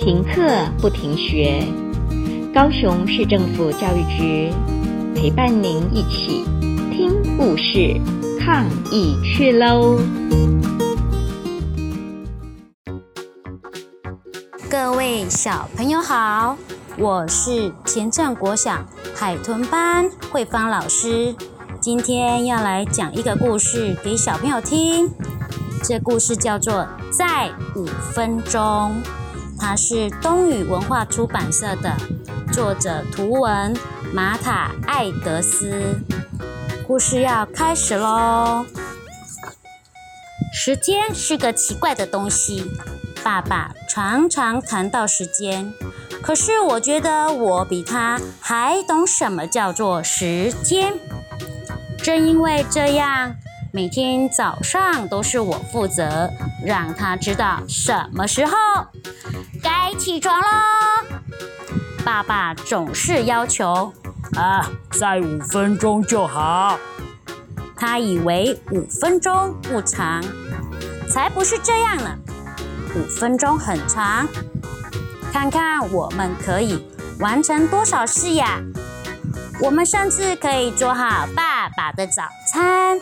停課不停學，高雄市政府教育局陪伴您一起聽故事、抗疫去嘍！各位小朋友好，我是前鎮國小海豚班譿芳老師，今天要來講一個故事給小朋友聽，這故事叫做《再五分鐘》。他是東雨文化出版社的作者圖文瑪塔艾德斯，故事要開始嘍。時間是個奇怪的東西，爸爸常常談到時間，可是我覺得我比他還懂什麼叫做時間。正因為這樣。每天早上都是我負責，讓他知道什麼時候該起床嘍。爸爸總是要求啊，再五分鐘就好。他以為五分鐘不長，才不是這樣呢，五分鐘很長。看看我們可以完成多少事呀！我們甚至可以做好爸爸的早餐。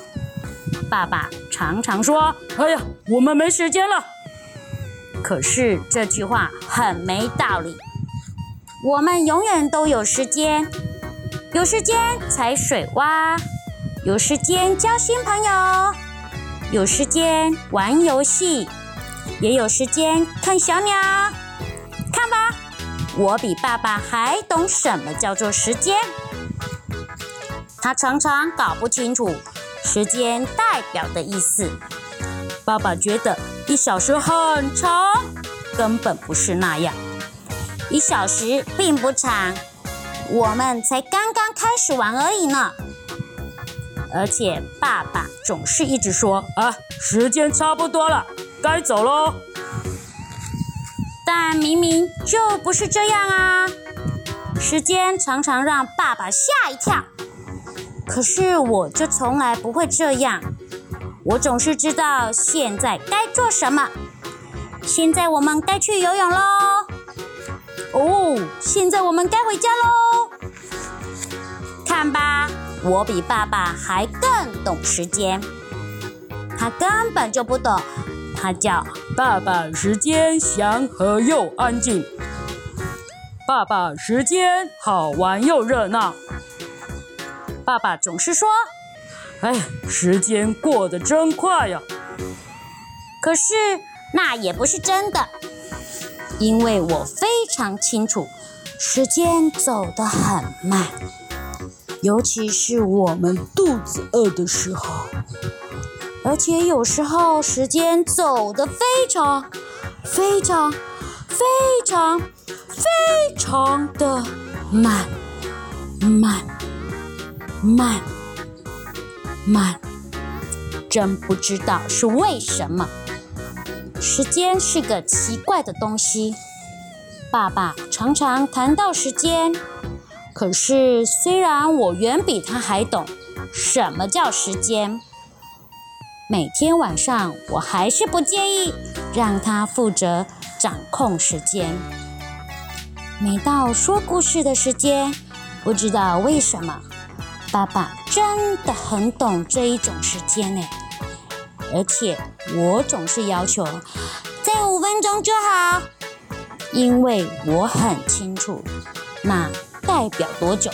爸爸常常說：“哎呀，我們沒時間了。”可是這句話很沒道理。我們永遠都有時間，有時間踩水窪，有時間交新朋友，有時間玩遊戲，也有時間看小鳥。看吧，我比爸爸還懂什麼叫做時間。他常常搞不清楚。時間代表的意思，爸爸覺得一小時很長，根本不是那樣。一小時並不長，我們才剛剛開始玩而已呢。而且爸爸總是一直說啊，時間差不多了，該走嘍。但明明就不是這樣啊。時間常常讓爸爸嚇一跳。可是我就從來不會這樣，我總是知道現在該做什麼。現在我們該去游泳嘍！哦，現在我們該回家嘍！看吧，我比爸爸還更懂時間。他根本就不懂。他叫爸爸，時間祥和又安靜。爸爸，時間好玩又熱鬧。爸爸總是說：“哎，時間過得真快呀。”可是那也不是真的，因為我非常清楚，時間走得很慢，尤其是我們肚子餓的時候，而且有時候時間走得非常、非常、非常、非常的慢、慢。慢慢，真不知道是為什麼。時間是個奇怪的東西。爸爸常常談到時間，可是雖然我遠比他還懂什麼叫時間，每天晚上我還是不介意讓他負責掌控時間。每到說故事的時間，不知道為什麼。爸爸真的很懂這一種時間呢，而且我總是要求再五分鐘就好，因為我很清楚那代表多久，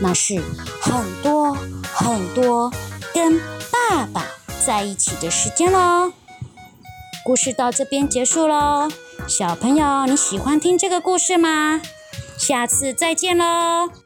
那是很多很多跟爸爸在一起的時間嘍。故事到這邊結束嘍，小朋友，你喜歡聽這個故事嗎？下次再見嘍。